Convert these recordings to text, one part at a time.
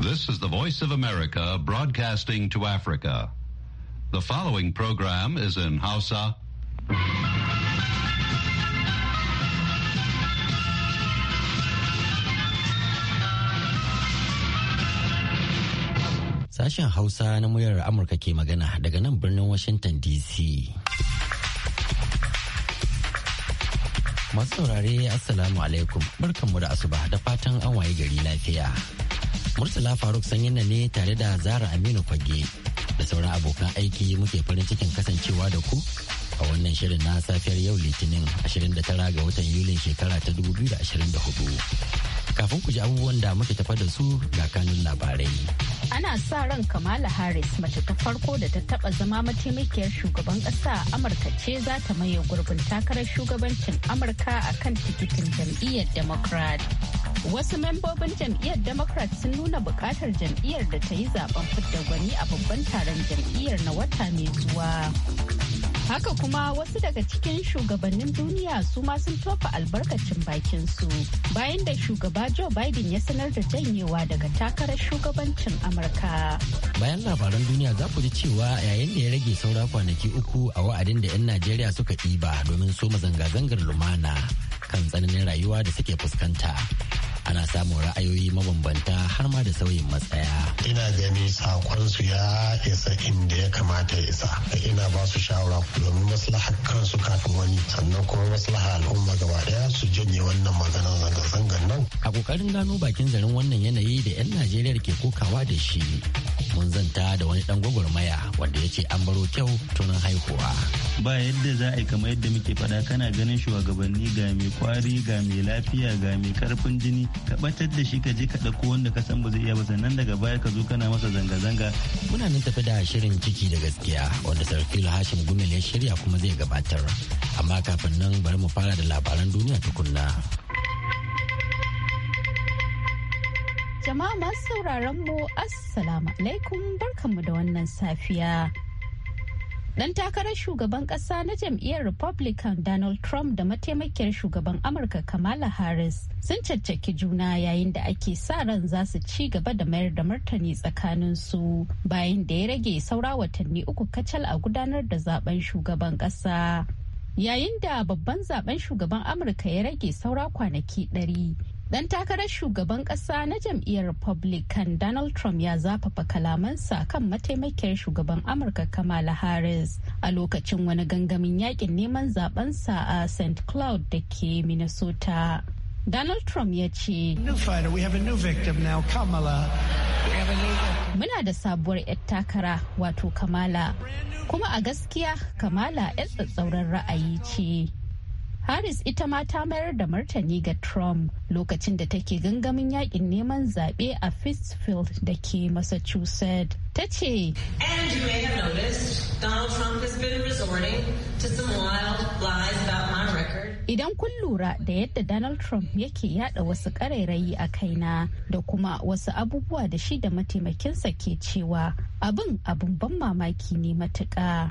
This is the Voice of America broadcasting to Africa. The following program is in Hausa. Sashen Hausa na muryar Amurka ke magana daga nan birnin Washington DC. Masu saurare Assalamu alaikum barkanmu da asuba da fatan an waye gari lafiya. Murtala Faruk sanyin na ne tare da Zara Aminu Fage da sauran abokan aiki muke farin cikin kasancewa da ku a wannan shirin na safiyar yau Litinin 29 ga watan Yulin shekara ta 2024. Kafin ku ji abubuwan da muke tafa da su ga kanun labarai. Ana sa ran Kamala Harris mace ta farko da ta taba zama mataimakiyar shugaban kasa a Amurka ce za ta maye gurbin takarar shugabancin Amurka a kan tikitin jam'iyyar Democrat. Wasu membobin jam'iyyar Democrat sun nuna bukatar jam'iyyar da ta yi zaben fidda gwani a babban taron jam'iyyar na wata mai zuwa. Haka kuma wasu daga cikin shugabannin duniya su ma sun tofa albarkacin bakin su bayan da shugaba Joe Biden ya sanar da janyewa daga takarar shugabancin Amurka. Bayan labaran duniya za ku ji cewa yayin da ya rage saura kwanaki uku a wa'adin da 'yan Najeriya suka ɗiba domin soma zanga-zangar lumana kan tsananin rayuwa da suke fuskanta. ana samun ra'ayoyi mabambanta har ma da sauyin matsaya. Ina gani sakonsu ya isa inda ya kamata ya isa. Ina ba su shawara domin maslaha kansu kafin wani sannan kuma maslaha al'umma gaba daya su janye wannan maganar zanga-zangar nan. A kokarin gano bakin zarin wannan yanayi da 'yan Najeriya ke kokawa da shi. mun zanta da wani dan gwagwarmaya wanda ya ce an baro kyau tunan haihuwa. Ba yadda za a yi kamar yadda muke faɗa kana ganin shugabanni ga mai kwari ga mai lafiya ga mai karfin jini ka ɓatar da shi ka je ka ɗauko wanda ka san ba zai iya ba sannan daga baya ka zo kana masa zanga-zanga. Muna nan tafi da shirin ciki da gaskiya wanda Sarfil Hashim Gumel ya shirya kuma zai gabatar. Amma kafin nan bari mu fara da labaran duniya tukunna. Jama'a masu sauraron mu Assalamu alaikum barkanmu da wannan safiya. Dan takarar shugaban kasa na jam'iyyar Republican Donald Trump da mataimakiyar shugaban Amurka Kamala Harris sun caccaki juna yayin da ake sa ran za su ci gaba da mayar da martani tsakanin su bayan da ya rage saura watanni uku kacal a gudanar da zaben shugaban kasa. Yayin da babban zaben shugaban Amurka ya rage saura kwanaki ɗari. Dan takarar shugaban ƙasa na jam'iyyar Republican Donald Trump ya zafafa kalamansa kan mataimakiyar shugaban Amurka Kamala Harris a lokacin wani gangamin yakin neman zabensa a St. Cloud da ke Minnesota. Donald Trump ya ce, Muna da sabuwar 'yar takara wato Kamala, kuma a gaskiya Kamala 'yar tsatsauran ra'ayi ce. Harris ita ma ta mayar da martani ga Trump lokacin da take gangamin yakin neman zaɓe a Fitzfield da ke Massachusetts. Ta ce, And you may have noticed Donald Trump has been resorting to some wild lies about my record. Idan kun lura da yadda Donald Trump yake yada wasu ƙarairayi a kaina da kuma wasu abubuwa da shi da mataimakinsa ke cewa abin abin ban mamaki ne matuƙa.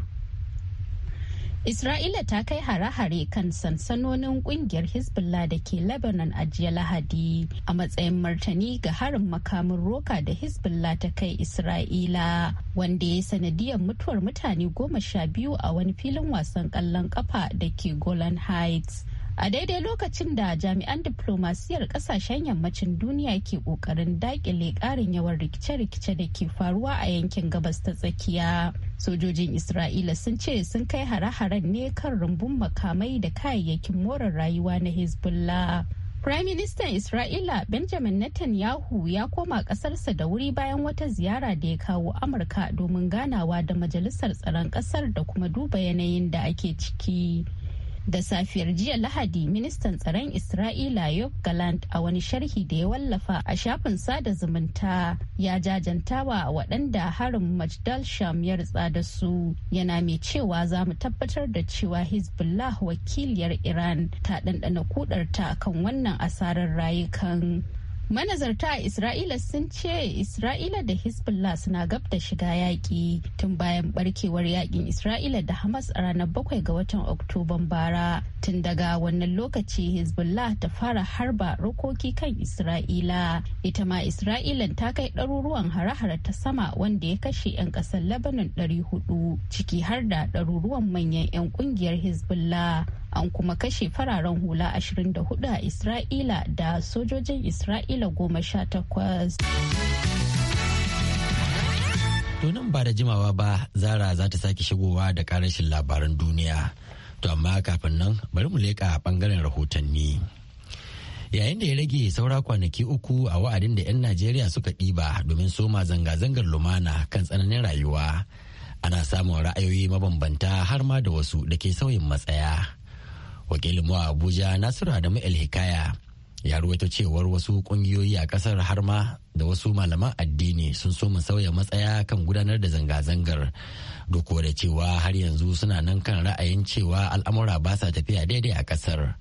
Isra'ila ta kai hare-hare kan sansanonin kungiyar Hezbollah da ke Lebanon a jiya Lahadi a matsayin martani ga harin makamin roka da Hezbollah ta kai Isra'ila wanda ya sanadiyar mutuwar mutane goma sha biyu a wani filin wasan kallon kafa da ke Golan Heights. a daidai lokacin da jami'an diplomasiyar kasashen yammacin duniya ke kokarin dakile karin yawan rikice-rikice da ke faruwa a yankin gabas ta tsakiya sojojin isra'ila sun ce sun kai hare-haren ne kan rumbun makamai da kayayyakin more rayuwa na hezbollah Firaministan Isra'ila Benjamin Netanyahu ya koma ƙasarsa da wuri bayan wata ziyara da ya kawo Amurka domin ganawa da Majalisar Tsaron Ƙasar da kuma duba yanayin da ake ciki. Da safiyar jiya Lahadi, ministan tsaron Isra'ila Yob Galant a wani sharhi da ya wallafa a shafin sada zumunta ya jajantawa waɗanda harin Majdal Sham ya ritsa da su. Yana mai cewa za mu tabbatar da cewa Hezbollah wakiliyar Iran ta ɗanɗana kudarta kan wannan asarar rayukan. Manazarta a Isra'ila sun ce Isra'ila da Hezbollah suna gab da shiga yaƙi tun bayan barkewar yaƙin Isra'ila da Hamas a ranar bakwai ga watan Oktoban bara. Tun daga wannan lokaci Hezbollah ta fara harba rokoki kan Isra'ila. Ita ma Isra'ila ta kai ɗaruruwan hare-hare ta sama wanda ya kashe 'yan ƙasar Lebanon 400 ciki har da ɗaruruwan manyan 'yan ƙungiyar Hezbollah. an kuma kashe fararen hula 24 a isra'ila da sojojin isra'ila goma sha takwas nan ba da jimawa ba zara za ta sake shigowa da karashin labaran duniya to amma kafin nan bari mu leƙa ɓangaren rahotanni yayin da ya rage saura kwanaki uku a wa'adin da 'yan najeriya suka ɗiba domin soma zanga-zangar lumana kan tsananin rayuwa ana samun ra'ayoyi mabambanta har ma da wasu da ke sauyin matsaya wakilin mu a abuja nasiru adamu el hikaya ya ruwaito cewar wasu kungiyoyi a kasar har ma da wasu malaman addini sun so mu sauya matsaya kan gudanar da zanga-zangar duk da cewa har yanzu suna nan kan ra'ayin cewa al'amura ba sa tafiya daidai a kasar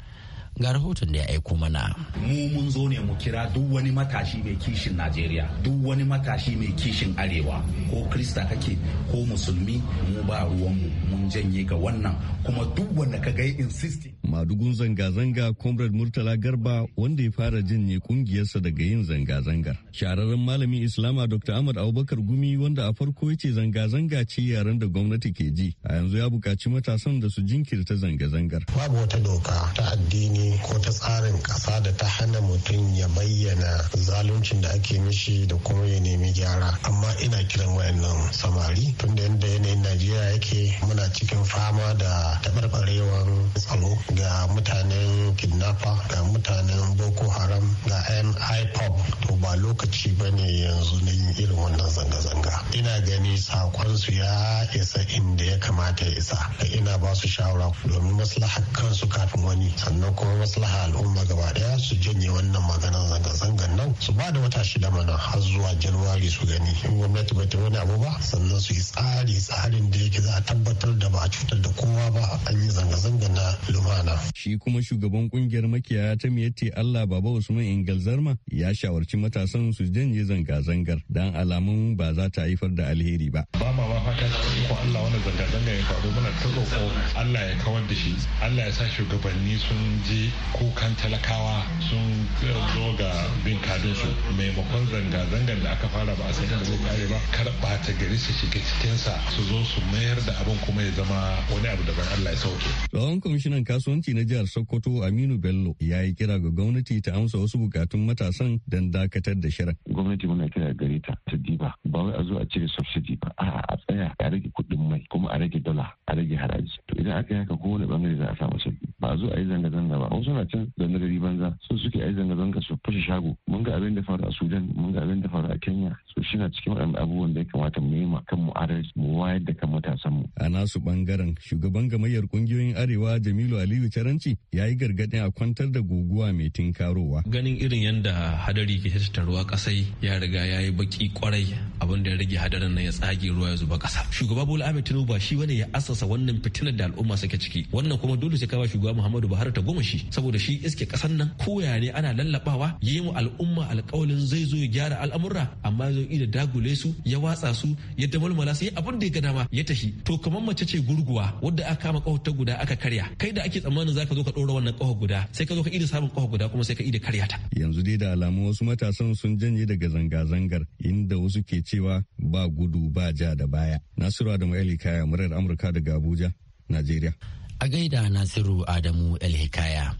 ga rahoton da ya aiko mana. Mu mun zo ne mu kira duk wani matashi mai kishin Najeriya, duk wani matashi mai kishin Arewa, ko Krista kake ko Musulmi mu ba ruwanmu mun janye ga wannan kuma duk wanda ka ga insisti. Madugun zanga-zanga Comrade Murtala Garba wanda ya fara janye kungiyarsa daga yin zanga-zangar. Shahararren malamin Islama Dr. Ahmad Abubakar Gumi wanda a farko ya ce zanga-zanga ce yaren da gwamnati ke ji. A yanzu ya bukaci matasan da su jinkirta zanga-zangar. Babu wata doka ta addini ko ta tsarin ƙasa da ta hana mutum ya bayyana zaluncin da ake mishi da kuma ya nemi gyara ina kiran wayannan samari tunda yadda yanayin najeriya yake muna cikin fama da tabarbarewar tsaro ga mutanen kidnapper ga mutanen boko haram ga yan ipop to ba lokaci ba ne yanzu na yin irin wannan zanga-zanga ina gani sakonsu ya isa inda ya kamata ya isa ina ba su shawara domin maslaha kansu kafin wani sannan kuma maslaha al'umma gaba daya su janye wannan maganar zanga-zangan nan su ba da wata shida mana har zuwa januwari su gani gwamnati ba ta wani abu ba sannan su yi tsari tsarin da yake za a tabbatar da ba a cutar da kowa ba an yi zanga-zanga na lumana. Shi kuma shugaban kungiyar makiyaya ta miyatti Allah Baba Usman Ingal Zarma ya shawarci matasan su janye zanga-zangar dan alamun ba za ta haifar da alheri ba. Ba ma ba fata ko Allah wani zanga-zanga ya faru muna ta roƙo Allah ya kawar da shi. Allah ya sa shugabanni sun je kukan talakawa sun zo ga bin su maimakon zanga-zangar da aka fara ba a san da zai arewa kar ɓata gari su shiga cikinsa su zo su mayar da abin kuma ya zama wani abu daban Allah ya sauke. Tsohon kwamishinan kasuwanci na jihar Sokoto Aminu Bello ya yi kira ga gwamnati ta amsa wasu bukatun matasan don dakatar da shirin. Gwamnati muna kira gare ta ta diba ba wai a zo a cire subsidy ba a a tsaya a rage kuɗin mai kuma a rage dala a rage haraji. To idan aka yi haka kowane bangare za a samu sauki. ba a zo a yi zanga-zanga ba wasu na can na gari banza su suke a yi zanga-zanga su fashe shago mun ga abin da faru a sudan mun ga abin da faru a kenya su shina cikin waɗanda abubuwan da ya kamata mu yi ma kan mu adalci mu wayar da kan matasan mu. a nasu bangaren shugaban gamayyar kungiyoyin arewa jamilu aliyu caranci ya yi gargaɗin a kwantar da guguwa mai tinkarowa. ganin irin yadda hadari ke tattaruwa kasai ya riga ya yi baki kwarai abin da ya rage hadarin na ya tsage ruwa ya zuba kasa. shugaba bola ahmed tinubu ba shi wani ya asasa wannan fitinar da al'umma suke ciki wannan kuma dole sai ka shugaba muhammadu buhari ta goma shi saboda shi iske kasan nan koya ne ana lallabawa yi mu al'umma alƙawalin zai zo ya gyara al'amurra amma zo da dagule su ya watsa su ya damalmala su ya abin da ya ga dama ya tashi to kamar mace ce gurguwa wadda aka kama kawar ta guda aka karya kai da ake tsammanin zaka zo ka ɗora wannan kawar guda sai ka zo ka ida samun kawar guda kuma sai ka ida karya ta yanzu dai da alamu wasu matasan sun janye daga zanga-zangar inda wasu ke cewa ba gudu ba ja da baya nasiru da ma'ali kaya murar amurka daga abuja najeriya A gaida Nasiru Adamu El-Hikaya.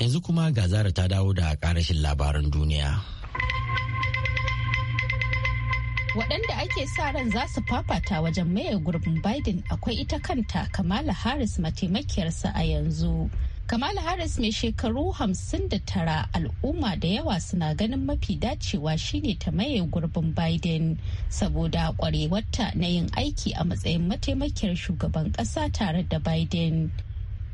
Yanzu kuma ga zara ta dawo da karashin labaran duniya. Waɗanda ake sa ran za su fafata wajen maye gurbin Biden akwai ita kanta Kamala Harris mataimakiyarsa a yanzu. Kamala Harris mai shekaru hamsin da tara al'umma da yawa suna ganin mafi dacewa shine ta maye gurbin Biden saboda kwarewarta na yin aiki a matsayin mataimakiyar shugaban ƙasa tare da Biden.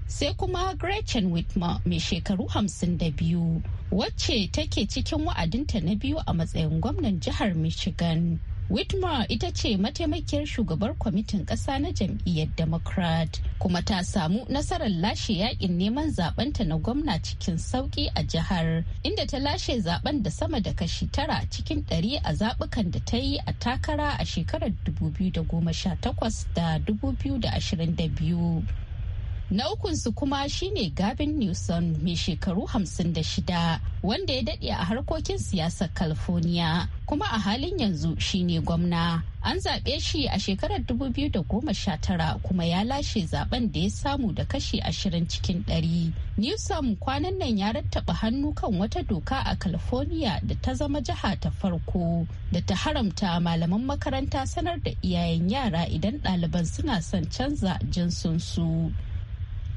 Sai kuma Gretchen Whitmer mai shekaru hamsin da biyu wacce take cikin wa'adinta na biyu a matsayin gwamnan jihar Michigan. Whitmer ita ce mataimakiyar shugabar kwamitin ƙasa na jam'iyyar Democrat kuma ta samu nasarar lashe yakin neman zaɓenta na gwamna cikin sauƙi a jihar inda ta lashe zaɓen da sama da kashi tara cikin ɗari a zaɓukan da ta yi a takara a shekarar 2018 da 2022. Na ukunsu kuma shine Gavin Newsom mai shekaru 56 wanda ya daɗe a harkokin siyasar California kuma a halin yanzu shine gwamna. An zaɓe shi a shekarar 2019 kuma ya lashe zaben da ya samu da kashi 20 cikin 100. Newsom kwanan nan ya rattaba hannu kan wata doka a California da ta zama jiha ta farko da ta haramta malaman makaranta sanar da iyayen yara idan ɗaliban suna son canza jinsinsu.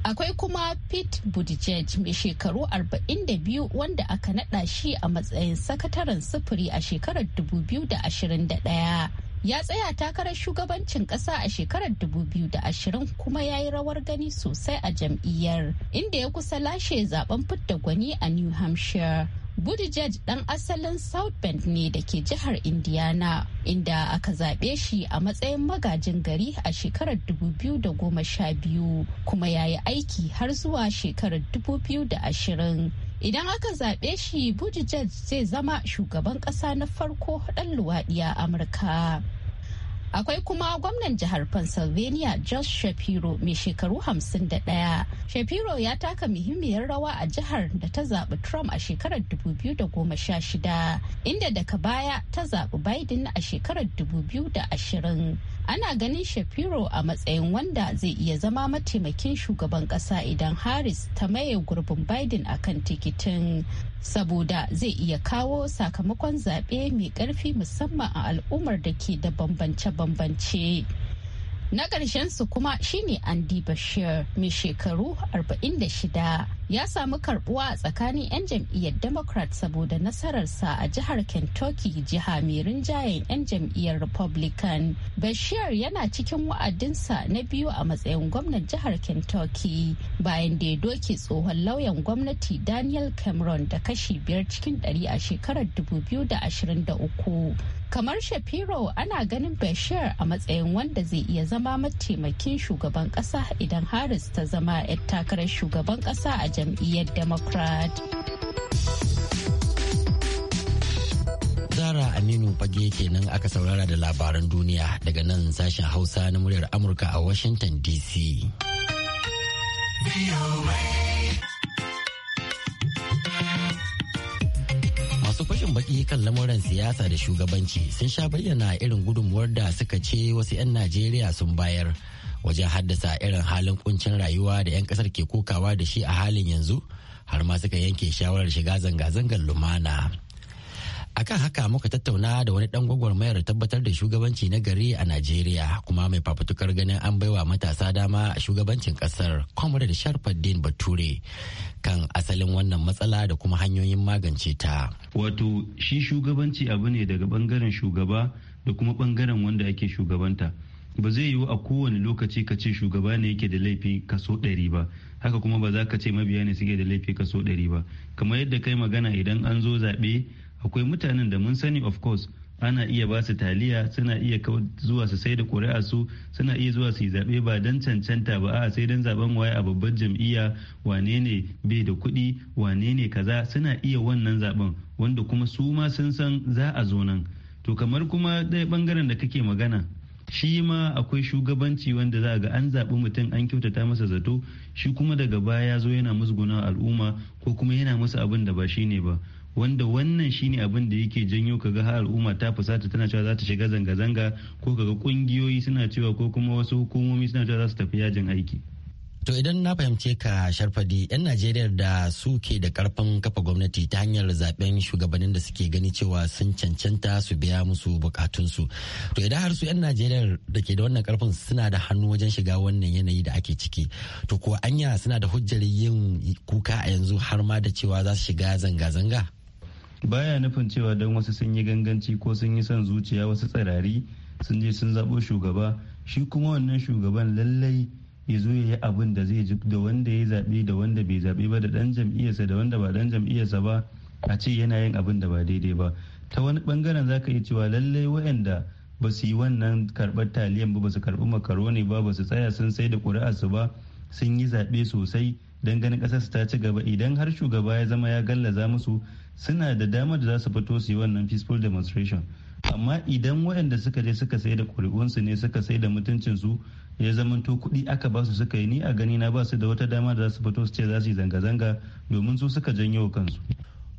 akwai kuma pete buttigieg mai shekaru 42 wanda aka nada shi a matsayin sakataren sufuri a shekarar 2021 ya tsaya takarar shugabancin kasa a shekarar 2020 kuma ya yi rawar gani sosai a jam'iyyar inda ya kusa lashe zaben fidda gwani a new hampshire Buttigieg dan asalin South Bend ne da ke jihar Indiana, inda aka zaɓe shi a matsayin magajin gari a shekarar 2012 kuma ya yi aiki har zuwa shekarar 2020. Idan aka zaɓe shi, Buttigieg zai zama shugaban ƙasa na farko ɗan luwaɗi a Amurka. akwai kuma gwamnan jihar pennsylvania josh shapiro mai shekaru 51 shapiro ya taka muhimmiyar rawa a jihar da ta zaɓi trump a shekarar 2016 inda daga baya ta zaɓi biden a shekarar 2020 ana ganin shapiro a matsayin wanda zai iya zama mataimakin shugaban kasa idan harris ta maye gurbin biden a kan tikitin saboda zai iya kawo sakamakon zaɓe mai ƙarfi musamman a al'ummar da ke da bambance-bambance na ƙarshen su kuma shine andy bashir mai shekaru 46 ya samu karbuwa a tsakanin 'yan jam'iyyar democrat saboda nasararsa a jihar kentucky jiha mai rinjayen 'yan jam'iyyar republican bashir yana cikin wa'adinsa na biyu a matsayin gwamnan jihar kentucky bayan da ya doke tsohon lauyan gwamnati daniel cameron da kashi biyar cikin ɗari a shekarar 2023 kamar shapiro ana ganin bashir a matsayin wanda zai iya zama mataimakin shugaban kasa idan harris ta zama 'yar takarar shugaban kasa. a jam'iyyar democrat zara aminu fage kenan aka saurara da labaran duniya daga nan sashen hausa na muryar amurka a washington dc masu fashin baki kan lamuran siyasa da shugabanci sun sha bayyana irin gudunmuwar da suka ce wasu 'yan najeriya sun bayar wajen haddasa irin halin kuncin rayuwa da 'yan kasar ke kokawa da shi a halin yanzu har ma suka yanke shawarar shiga zanga-zangar lumana akan haka muka tattauna da wani dan gwagwarmayar tabbatar da shugabanci na gari a najeriya kuma mai fafutukar ganin an baiwa matasa dama a shugabancin kasar comrade sharfaddin bature kan asalin wannan matsala da kuma hanyoyin magance ta wato shi shugabanci abu ne daga bangaren shugaba da kuma bangaren wanda ake shugabanta ba zai yiwu a kowane lokaci ka ce shugaba ne yake da laifi kaso ɗari ba haka kuma ba za ka ce mabiya ne suke da laifi kaso ɗari ba kamar yadda kai magana idan an zo zaɓe akwai mutanen da mun sani of course ana iya ba su taliya suna iya zuwa su sai da ƙuri'a su suna iya zuwa su yi zaɓe ba don cancanta ba a sai don zaben waye a babban jam'iyya wane ne bai da kuɗi wane ne kaza suna iya wannan zaɓen wanda kuma su ma sun san za a zo nan to kamar kuma ɗaya ɓangaren da kake magana shi ma akwai shugabanci wanda za a ga an zaɓi mutum an kyautata masa zato shi kuma daga baya ya zo yana musguna al'umma ko kuma yana musu abin da ba shi ne ba wanda wannan shine abin da yake janyo kaga har al'umma ta fusata tana cewa za ta shiga zanga-zanga ko kaga ƙungiyoyi suna cewa ko kuma wasu hukumomi suna cewa za su tafi yajin aiki To idan na fahimce ka sharfadi 'yan Najeriya da suke da karfin kafa gwamnati ta hanyar zaben shugabannin da suke gani cewa sun cancanta su biya musu bukatunsu. To idan har su 'yan Najeriya da ke da wannan karfin suna da hannu wajen shiga wannan yanayi da ake ciki. To ko anya suna da hujjar yin kuka a yanzu har ma da cewa za su shiga zanga-zanga? Baya nufin cewa don wasu sun yi ganganci ko sun yi son zuciya wasu tsirari sun je sun zaɓo shugaba shi kuma wannan shugaban lallai ya zo ya yi abin da zai ji da wanda ya zaɓe da wanda bai zaɓe ba da ɗan jam'iyyarsa da wanda ba ɗan jam'iyyarsa ba a ce yana yin abin da ba daidai ba ta wani ɓangaren za ka iya cewa lallai waɗanda ba su yi wannan karɓar taliyan ba ba su karɓi makaroni ba ba su tsaya sun sai da ƙuri'arsu ba sun yi zaɓe sosai don ganin ƙasar su ta ci gaba idan har shugaba ya zama ya gallaza musu suna da damar da za su fito su yi wannan peaceful demonstration amma idan waɗanda suka je suka sai da ƙuri'unsu ne suka sai da mutuncinsu ya zamanto kuɗi aka basu suka yi ni a gani na su da wata dama da za su fito su ce za su yi zanga-zanga domin su suka janyo kansu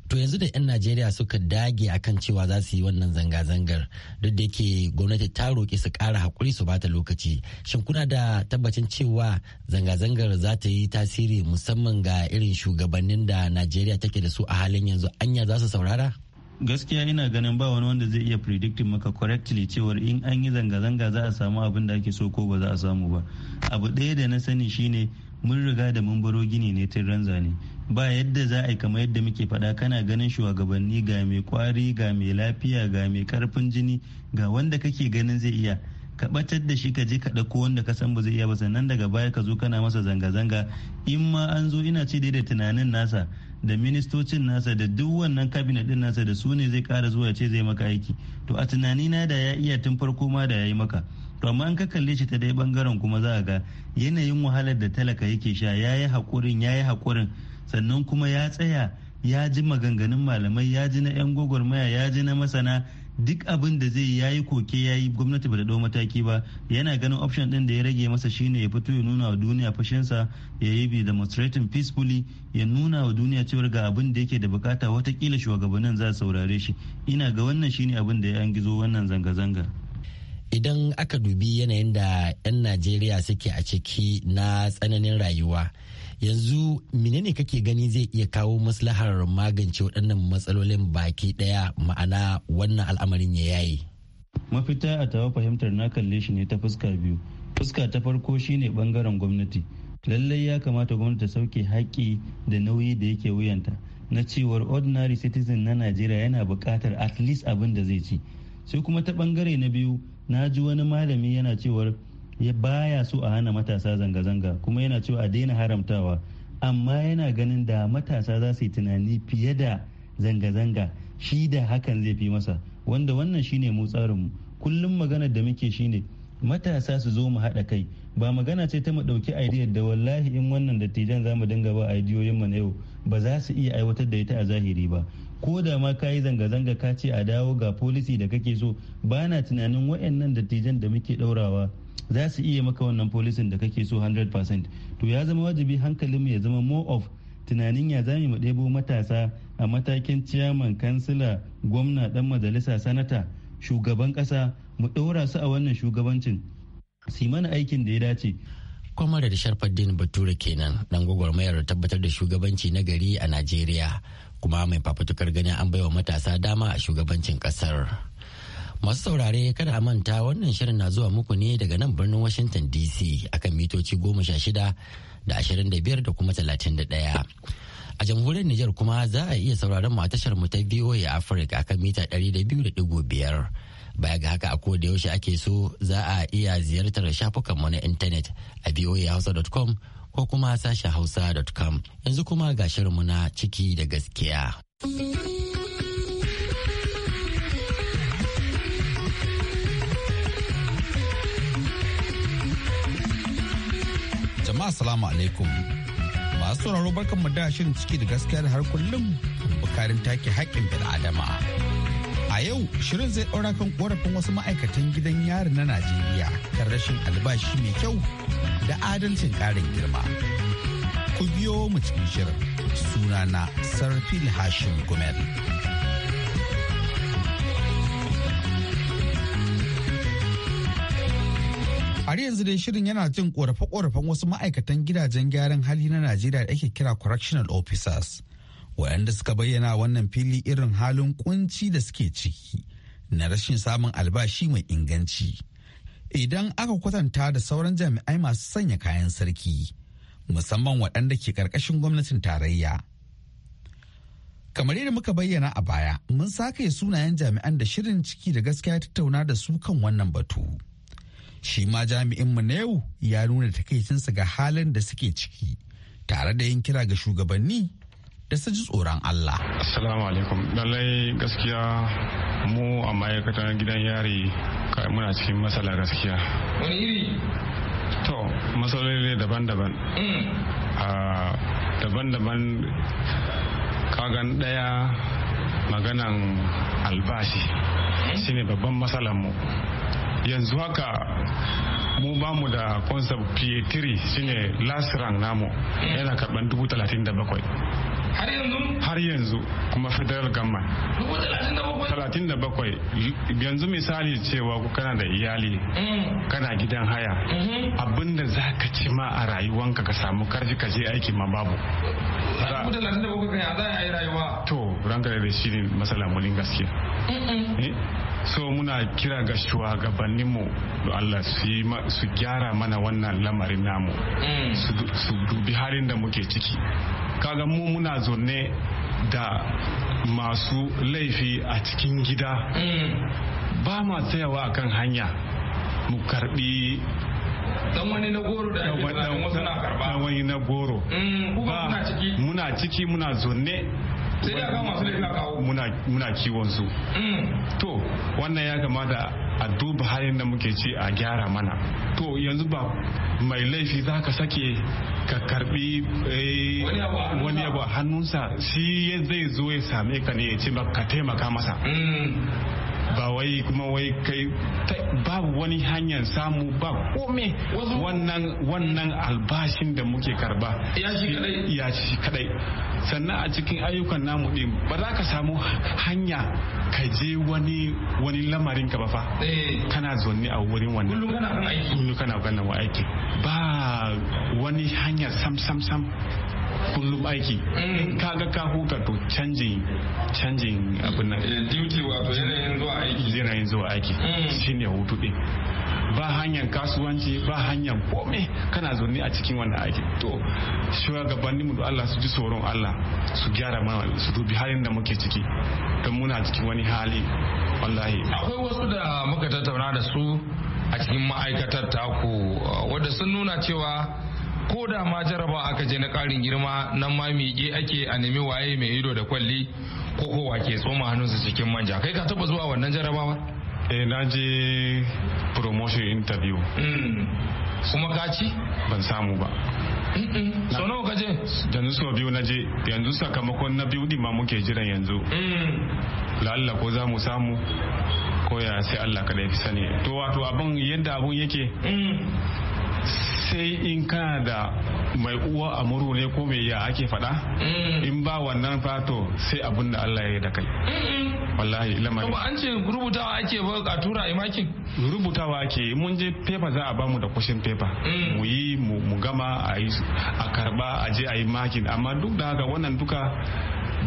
to yanzu da 'yan najeriya suka dage akan cewa za su yi wannan zanga-zangar duk da yake gwamnati ta roƙi su ƙara haƙuri su bata lokaci shin kuna da tabbacin cewa zanga-zangar za ta yi tasiri musamman ga irin shugabannin da najeriya take da su a halin yanzu anya za su saurara gaskiya ina ganin ba wani wanda zai iya predicting maka correctly cewar in an yi zanga-zanga za a samu abin da ake so ko ba za a samu ba abu ɗaya da na sani shine mun riga da mun baro gini ne tun ranza ne ba yadda za a yi kamar yadda muke faɗa kana ganin shugabanni ga mai kwari ga mai lafiya ga mai karfin jini ga wanda kake ganin zai iya ka ɓatar da shi ka je ka ɗauko wanda ka san ba zai iya ba sannan daga baya ka zo kana masa zanga-zanga in ma an zo ina ce da tunanin nasa da ministocin nasa da duk wannan kabinet din nasa da su ne zai kara zuwa ce zai maka aiki to a tunani na da ya iya tun farko ma da ya yi maka to amma an ka kalle shi ta dai bangaren kuma za ga yanayin wahalar da talaka yake sha ya yi haƙurin ya yi haƙurin sannan kuma ya tsaya ya ji maganganun malamai ya ji na 'yan gwagwarmaya ya ji na masana duk abin da zai yayi koke yayi gwamnati bata dau mataki ba yana ganin option din da ya rage masa shine ya fito ya nuna wa duniya fashinsa ya yi bi demonstrating peacefully ya nuna wa duniya cewa ga abin da yake da bukata watakila shugabannin za saurare shi ina ga wannan shine abin da ya an gizo wannan zanga-zanga idan aka dubi yanayin da 'yan najeriya suke a ciki na tsananin rayuwa yanzu menene kake gani zai iya kawo maslahar magance waɗannan matsalolin baki ɗaya ma'ana wannan al'amarin ya yaye mafita a tawa fahimtar na kalle shi ne ta fuska biyu fuska ta farko shine bangaren gwamnati lallai ya kamata gwamnati ta sauke haƙƙi da nauyi da yake wuyanta na cewar ordinary citizen na najeriya yana buƙatar at least abin da zai ci sai kuma ta ɓangare na biyu na ji wani malami yana cewar ya baya so a hana matasa zanga-zanga kuma yana cewa a daina haramtawa amma yana ganin da matasa za su yi tunani fiye da zanga-zanga shi da hakan zai fi masa wanda wannan shine mu tsarinmu kullum maganar da muke shine matasa su zo mu haɗa kai ba magana ce ta mu ɗauki aidiyar da wallahi in wannan dattijan za mu dinga ba mu na yau ba za su iya aiwatar da ita a zahiri ba ko da ma ka yi zanga-zanga ka ce a dawo ga folisi da kake so ba na tunanin waɗannan dattijan da muke ɗaurawa za su iya maka wannan policing da kake so 100% to ya zama wajibi hankalinmu ya zama more of tunanin ya zami mu ɗebo matasa a matakin ciyaman kansila gwamna dan majalisa sanata shugaban ƙasa mu ɗora su a wannan shugabancin su mana aikin da ya dace kwamarar sharfaddin bature kenan dan gwagwarmayar tabbatar da shugabanci na gari a najeriya kuma mai fafutukar ganin an baiwa matasa dama a shugabancin kasar. Masu saurare kada a manta wannan shirin na zuwa muku ne daga nan birnin Washington DC akan mitoci goma sha shida da ashirin da biyar da kuma talatin da ɗaya. A jamhuriyar Nijar kuma za a iya sauraron mu a tashar mu ta VOA Africa akan mita ɗari da biyu da ɗigo biyar. Baya ga haka a ko da yaushe ake so za a iya ziyartar shafukan mu na intanet a voahausa.com ko kuma sashen hausa.com yanzu kuma ga shirinmu na ciki da gaskiya. Assalamu alaikum masu sauraro barkan mu da shirin ciki da gaskiya har kullum bukarin take haƙƙin bil adama a yau shirin zai ɗora kan korafin wasu ma'aikatan gidan yari na najeriya kan rashin albashi mai kyau da adalcin ƙarin girma ku biyo mu cikin shirin sunana sarfil hashim gumel. har yanzu dai shirin yana jin korafe-korafen wasu ma'aikatan gidajen gyaran hali na najeriya da ake kira correctional officers waɗanda suka bayyana wannan fili irin halin kunci da suke ciki na rashin samun albashi mai inganci idan aka kwatanta da sauran jami'ai masu sanya kayan sarki musamman waɗanda ke ƙarƙashin gwamnatin tarayya kamar yadda muka bayyana a baya mun sake sunayen jami'an da shirin ciki da gaskiya tattauna da su kan wannan batu. shi ma jami'inmu na yau ya nuna takaicinsa ga halin da suke ciki tare da yin kira ga shugabanni da su ji tsoron Allah. Assalamu alaikum. Lallai gaskiya mu a ma'aikatan gidan yari muna cikin matsala gaskiya. Wani iri? To, matsaloli daban-daban. Mm. Ah, daban-daban kagan ɗaya maganan albashi mm. shine babban matsalar mu. yanzu haka mu ba mu da concept pa3 shine last rank namu yana karban dubu talatin da bakwai har yanzu har yanzu kuma federal government 37 yanzu misali cewa kana da iyali mm. kana gidan haya mm-hmm. abinda za ka ci ma a rayuwanka ka samu karfi ka je aiki ma babu to ranka da shi ne matsala mulin eh? so muna kira ga shugabanninmu Allah su gyara mana wannan lamarin namu mm. su dubi halin da muke ciki kaga mu muna zonne da masu laifi a cikin gida mm. ba ma tsayawa kan hanya mu karbi dan wani na goro da ake wani na goro mm, muna ciki muna zonne sai da muna kiwon su mm. to wannan ya kamata a duba halin da muke ci a gyara mana to yanzu ba mai laifi za ka sake ka karbi eh, wani abu a hannunsa shi zai zo ya same ka ne ya ce ka taimaka masa mm. ba wai kuma wai kai babu wani hanyar samu ba kome wannan wannan albashin da muke karba ya ci kadai sannan a cikin ayyukan namu din ba za ka samu hanya ka je wani wani lamarin ka ba fa eh. kana zonni a wurin wannan kullum kana ganin aiki ba wani hanya sam sam sam kullum aiki mm. ka ga ka huta to canjin canjin abin nan eh, duty wato yanayin zuwa aiki yanayin zuwa aiki mm. shine hutu din ba hanyar kasuwanci ba hanyar kome kana zaune a cikin wannan aiki to shugabanninmu da Allah su ji tsoron Allah su gyara mana su dubi halin da muke ciki don muna cikin wani hali wallahi akwai wasu da muka tattauna da su a cikin ma'aikatar taku wadda sun nuna cewa ko da ma jaraba aka je na ƙarin girma nan ma miƙe ake a nemi waye mai ido da kwalli ko kowa ke tsoma hannunsa cikin manja kai ka taba zuwa wannan jarabawa eh na je promotion interview mm. kuma ka ci ban samu ba so nawa ka je yanzu so biyu na je yanzu sakamakon na biyu din ma muke jiran yanzu mm. la'alla ko za mu samu ko ya sai Allah kada ya fi sani to wato abun yadda abun yake mm. sai in kana da mai uwa a muru ne ko mai ya ake fada. Mm. in ba wannan fato sai abin da Allah ya yi da kai wallahi lamarin ba an ce rubutawa ake ba a tura imakin rubutawa ake mun je paper za a ba mu da kushin paper mm. mu yi mu gama a karba a je a yi makin amma duk da haka wannan duka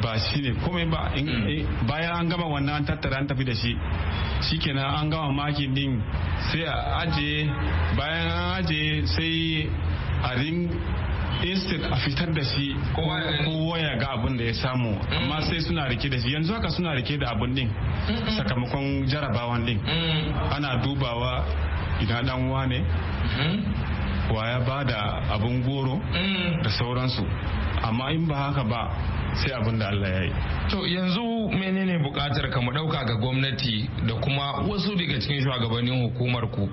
ba shi ne komai ba mm. eh, bayan an gama wannan an tattara an tafi da shi shikenan an gama makin din sai a ajiye bayan an ajiye sai a ring instant a fitar da shi kowa ya ga abin da ya samu mm. amma sai suna rike da shi yanzu haka suna rike da abin din sakamakon jarabawan din mm. ana dubawa idan dan wane mm-hmm. wa ya ba da abin goro mm. da sauransu amma in ba haka ba sai abin da Allah ya yi. To yanzu menene bukatar ka mu dauka ga gwamnati da kuma wasu daga cikin shugabannin hukumar ku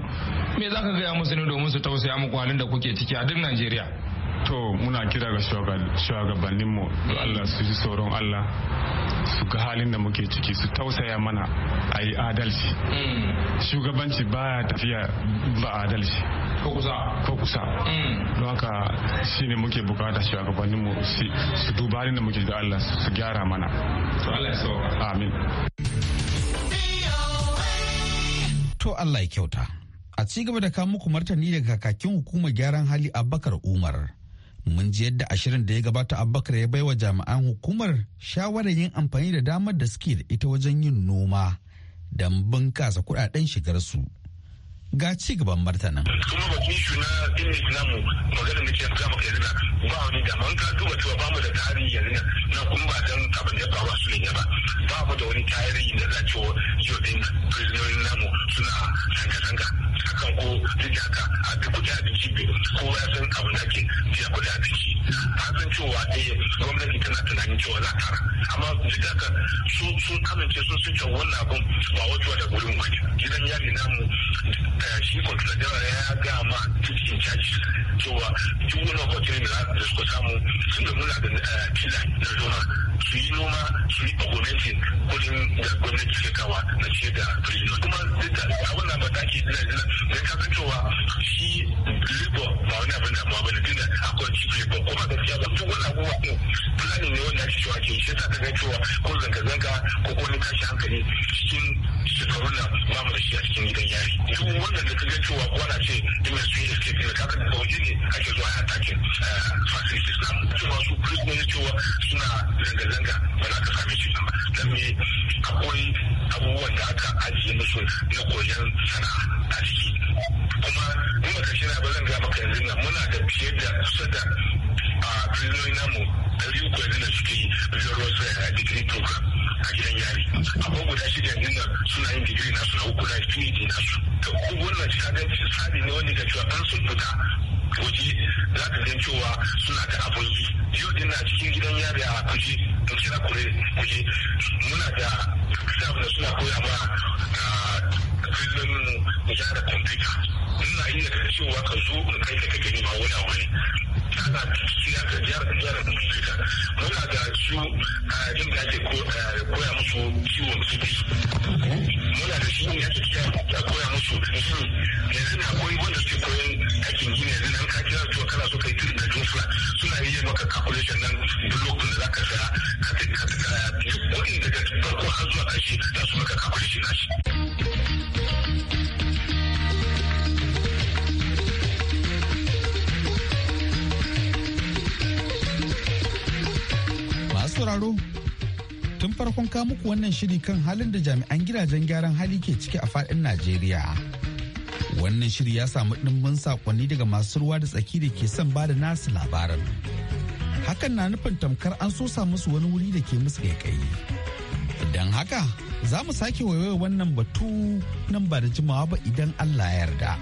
me zaka ka gaya musu ne domin su tausaya muku halin da kuke ciki a duk Najeriya? to muna kira ga shugabanninmu da allah su ji tsoron allah su ga halin da muke ciki su tausaya mana a yi adalci mm. shugabanci baya tafiya ba adalci ko kusa ko kusa mm. don haka shine muke bukata shugabanninmu su duba halin da muke da allah su gyara mana to allah ya amin to allah ya kyauta a ci gaba da kawo muku martani daga kakakin hukumar gyaran hali Bakar umar mun ji yadda ashirin da ya gabata abubakar ya baiwa jami'an hukumar shawarar yin amfani da damar da suke da ita wajen yin noma don bunkasa kudaden shigarsu ga ci gaban martanin. kuma ba shi na din islamu maganin da ke ga ba wani da man ka duba ba mu da tarihi yanzu na kuma ba dan abin da ba su ne ba babu da wani tarihi da za ce yau din prisonerin namu suna sanga-sanga kan ko zai da haka a bi kuɗi abinci bi ko ya san abin da ake biya kuɗi abinci an san cewa eh gwamnati tana tunanin cewa za ta amma zai da haka sun amince sun sun cewa wannan abin ba wajewa da gurin kuɗi gidan yari namu shi kwantuna jara ya ga ma cikin caji cewa duk wani opportunity da suka samu sun da muna da fila na zona su yi noma su yi donating kudin da gwamnati suke kawa na ce da prison kuma abin da ba ake jina jina don ka cewa shi labor ba wani abin da ma bane tunda akwai chief labor kuma da gaskiya ba duk wani abubuwa ɗin planning ne wanda ake cewa ke shi ta ka cewa ko zanga zanga ko ko ni tashi hankali cikin shekaru na ba mu da shi a cikin gidan yari duk wanda da ka cewa ko ana ce ina su yi escape ne ka da daga ne ake zuwa ya takin eh, facilities namu cewa su prisoners cewa suna zanga zanga ba za ka same shi ba don me akwai abubuwan da aka ajiye musu na koyon sana'a a ciki kuma in baka shirya ba zan gaya maka yanzu muna da fiye da kusa da a prisoner namu ɗari uku yanzu da suke yi zuwa eh, digiri program a gidan yari akwai guda shida yanzu nan suna yin digiri nasu na uku na phd nasu da kuma wannan shaganci tsari ne wani ka cewa an sun fita waje za ka san cewa suna da abun yi yau din na cikin gidan yari a kuje to kira ku kuje muna da staff da suna koya ma ah, filin mu gyara kwamfuta ina iya ka cewa ka zo in kai ka gani ba wani abu ne ana kira ka gyara gyara kwamfuta muna da su ah, inda ake ah, koya musu ciwon ciki muna da shi ne ake koya musu yanzu na akwai wanda suke koyon aikin gini yanzu na ka kira to kana so kai tiri da jofla ana yi maka calculation nan duk da za ka saya ka ka kuɗin daga farko har zuwa ƙarshe za su maka calculation na shi. sauraro tun farkon muku wannan shiri kan halin da jami'an gidajen gyaran hali ke ciki a faɗin Najeriya. Wannan shiri ya samu dimbin sakonni daga masu ruwa da tsaki da ke son ba da nasu labarin. Hakan na nufin tamkar an so sa musu wani wuri da ke musu kaikayi. Don haka za mu sake waiwai wannan batu nan ba da jimawa ba idan Allah ya yarda.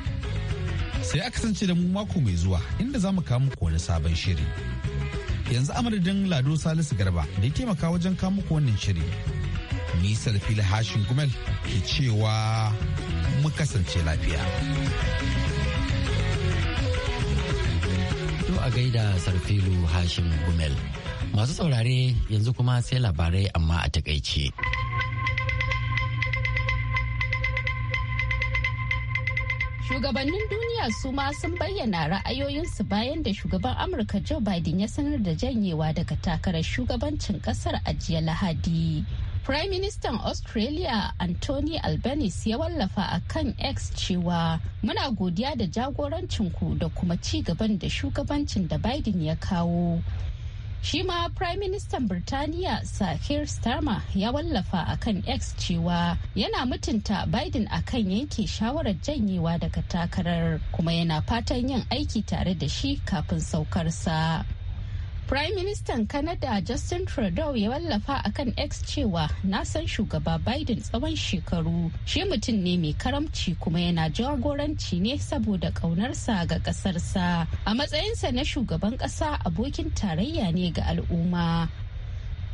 sai a kasance da mu mako mai zuwa inda za mu kawo muku wani sabon shiri. Yanzu amadadin Lado Salisu Garba da ya taimaka wajen kawo muku wannan shiri. da fili hashin gumel ke cewa mu kasance lafiya. To a gaida Sarfilu Hashim Gumel. Masu saurare yanzu kuma sai labarai amma a takaice. Shugabannin duniya su ma sun bayyana ra'ayoyinsu bayan da shugaban Amurka Joe Biden ya sanar da janyewa daga takarar shugabancin kasar a jiya Lahadi. Prime Minister Australia Anthony Albanese ya wallafa a kan X cewa muna godiya da jagorancinku da kuma ci gaban da shugabancin da Biden ya kawo. Shi ma Prime Minister Birtaniya Sahir Starmer ya wallafa a kan X cewa yana mutunta Biden a kan yanke shawarar janyewa daga takarar kuma yana fatan yin aiki tare da shi kafin saukarsa. Prime Minister Canada Justin Trudeau ya wallafa a kan X cewa na san shugaba Biden tsawon shekaru. Shi mutum ne mai karamci kuma yana jagoranci ne saboda ƙaunarsa ga ƙasarsa. A matsayinsa na shugaban ƙasa abokin tarayya ne ga al'umma.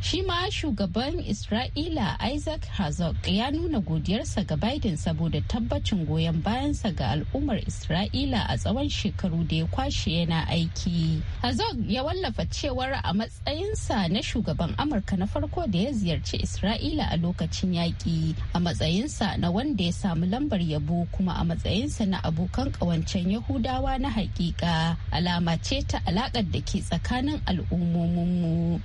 Shi ma shugaban Isra'ila Isaac Herzog ya nuna godiyarsa ga Biden saboda tabbacin goyon bayansa ga al'ummar Isra'ila a tsawon shekaru da ya kwashe yana aiki. Herzog ya wallafa cewar a matsayinsa na shugaban Amurka na farko da ya ziyarci Isra'ila a lokacin yaƙi, a matsayinsa na wanda ya samu lambar yabo kuma a matsayinsa na abokan ƙawancen Yahudawa na hakika alama ce ta alaƙar da ke tsakanin al'ummomin mu.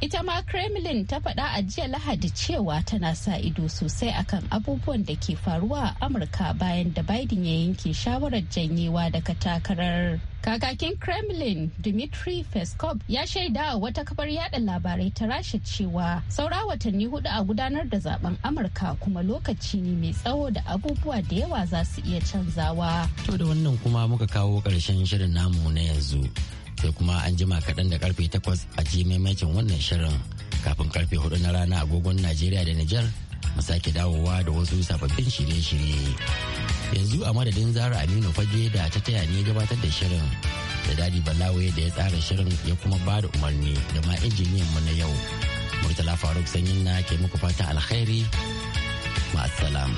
ita ma kremlin ta faɗa a jiya lahadi cewa tana sa ido sosai akan abubuwan da ke faruwa a amurka bayan da biden ya yanke shawarar janyewa daga takarar kakakin kremlin dmitry peskov ya shaida wata kafar yada labarai ta rasha cewa saura watanni hudu a gudanar da zaben amurka kuma lokaci ne mai tsawo da abubuwa da yawa za su iya canzawa to da wannan kuma muka kawo ƙarshen shirin namu na yanzu sai kuma an jima kaɗan da karfe takwas a ji maimacin wannan shirin kafin karfe 4 na rana agogon Najeriya da Nijar mu sake dawowa da wasu sababbin shirye-shirye. Yanzu a madadin Zara Aminu Fage da ta taya ne gabatar da shirin da Dadi Balawe da ya tsara shirin ya kuma ba da umarni da ma injiniyan mu na yau. Murtala Faruk Sanyin na ke muku fatan alkhairi. Ma'asalam.